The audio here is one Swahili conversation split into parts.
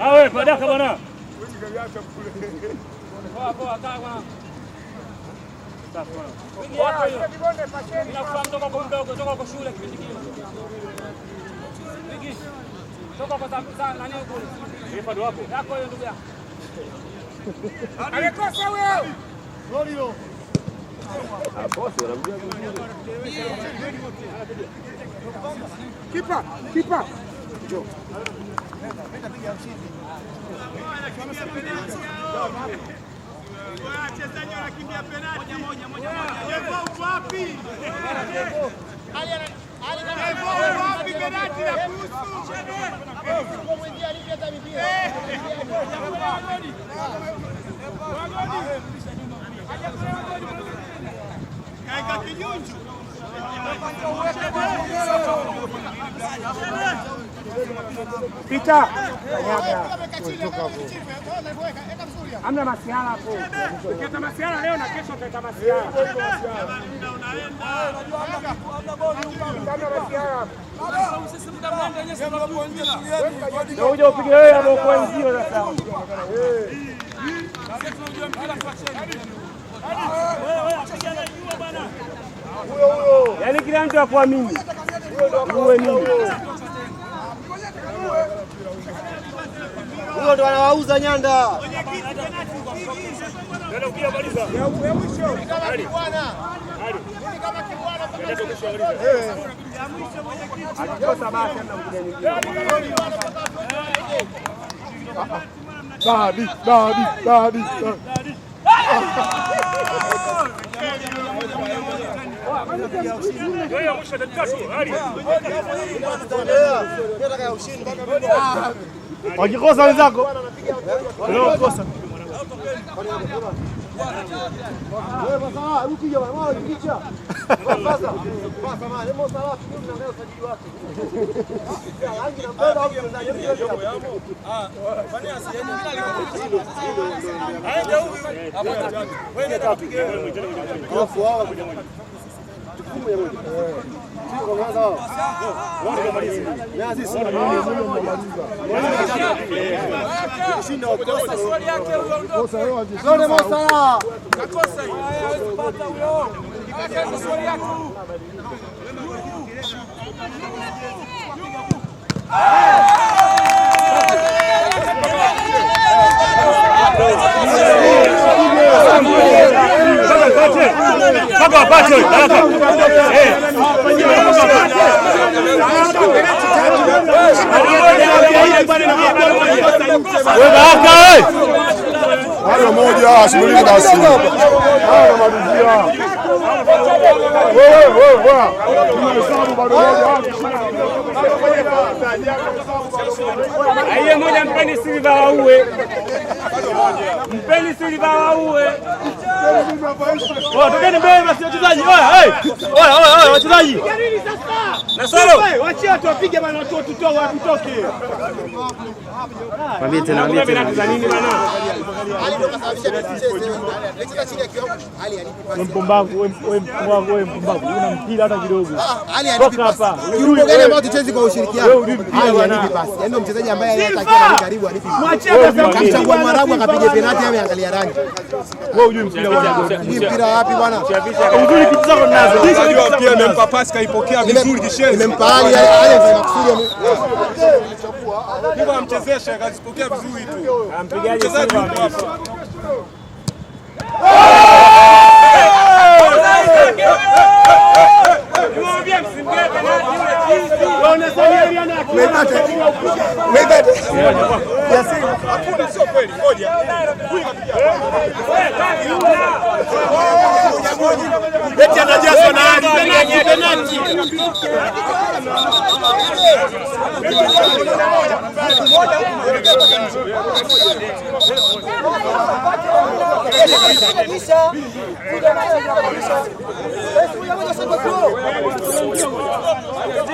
Awe padaka bwana. Poa Kipa, kipa. Njoo. Nenda, nenda piga mshindi. Wachezaji wanakimbia penalti. Uko wapi? kijunju. Pita kanyaga, hamna masiara hapo. Ukileta masiara leo na kesho utaleta masiara, uja upige wewe ama wenzio sasa Yaani kila mtu akuamini uwe nini ndo wanawauza Nyanda wakikosa wenzako mpaka Haya moja asubiri basi. Haya malizia. Wewe wewe. Tumehesabu bado moja. aiye moja, mpeni Silva waue, mpeni Silva waue. Oh, Tokeni mbele basi wachezaji, wachezaji Nasoro, wachia watu bana, watu tutoe watu toke. Mwambie tena, mwambie tena. Kwa nini bana? Wewe mpumbavu, wewe mpumbavu, wewe mpumbavu. Una mpira hata kidogo. Ah, Toka hapa. Yuko gani ambao tucheze hawezi kwa ushirikiano. Yaani mchezaji ambaye anatakiwa karibu alipi. Mwarabu akapiga penalti yeye angalia rangi. Wewe mpira wapi? Mpira wapi bwana? Uzuri kitu zako pia nimempa pasi kaipokea vizuri kishenzi. Nimempa hali hali akazipokea vizuri tu. Oh! eti anajazwa na hali penati.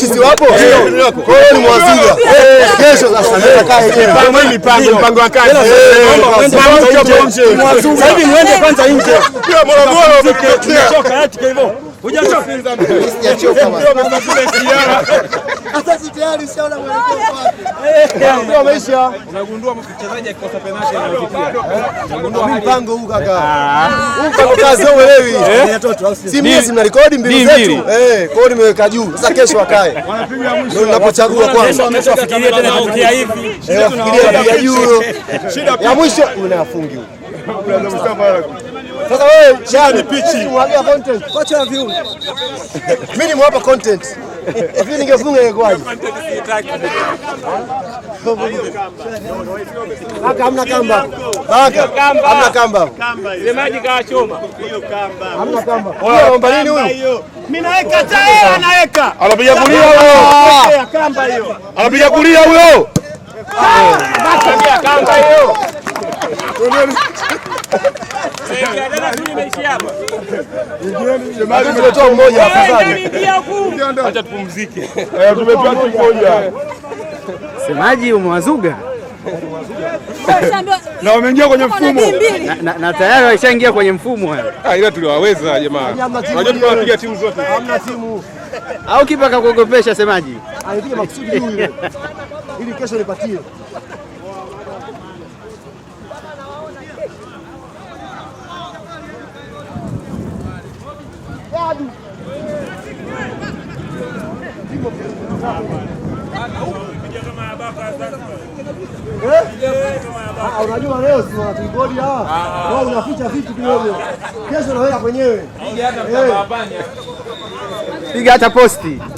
jeshi si wapo? Kwa hiyo ni Mwanzinga. Kesho sasa nitakaa yenyewe. Mpango mpango wa kazi. Sasa hivi muende kwanza nje. Bora bora umechoka hata hivyo. Unagundua mchezaji mnarekodi ah. eh? mbili zetu, eh, kwao nimeweka juu. Sasa kesho akae, ndio ninapochagua kwanza, eh, ya mwisho unafungi huko sasa wewe chani pichi. Mwagia content. Kocha wa viungo. Mimi ni mwapa content. Hivi ningefunga yeye ingekwaje? Haka hamna kamba. Haka hamna kamba. Ile maji kawachoma. Hiyo kamba. Hamna kamba. Wewe omba nini huyu? Mimi naweka cha yeye anaweka. Anapiga kulia huyo. Kamba hiyo. Anapiga kulia huyo. Baka kamba hiyo. Semaji umewazuga na wameingia kwenye mfumo na tayari waishaingia kwenye mfumo. Ah, ila tuliwaweza jamaa, unajua tunawapiga timu zote, hamna timu au kipa kakuogopesha. Semaji alipiga makusudi ili kesho nipatie sababu ah, unajua leo si wanatuibodi hawa, ah. ah. unaficha vitu kidogo, kesho unaweka kwenyewe. Piga hata eh. posti.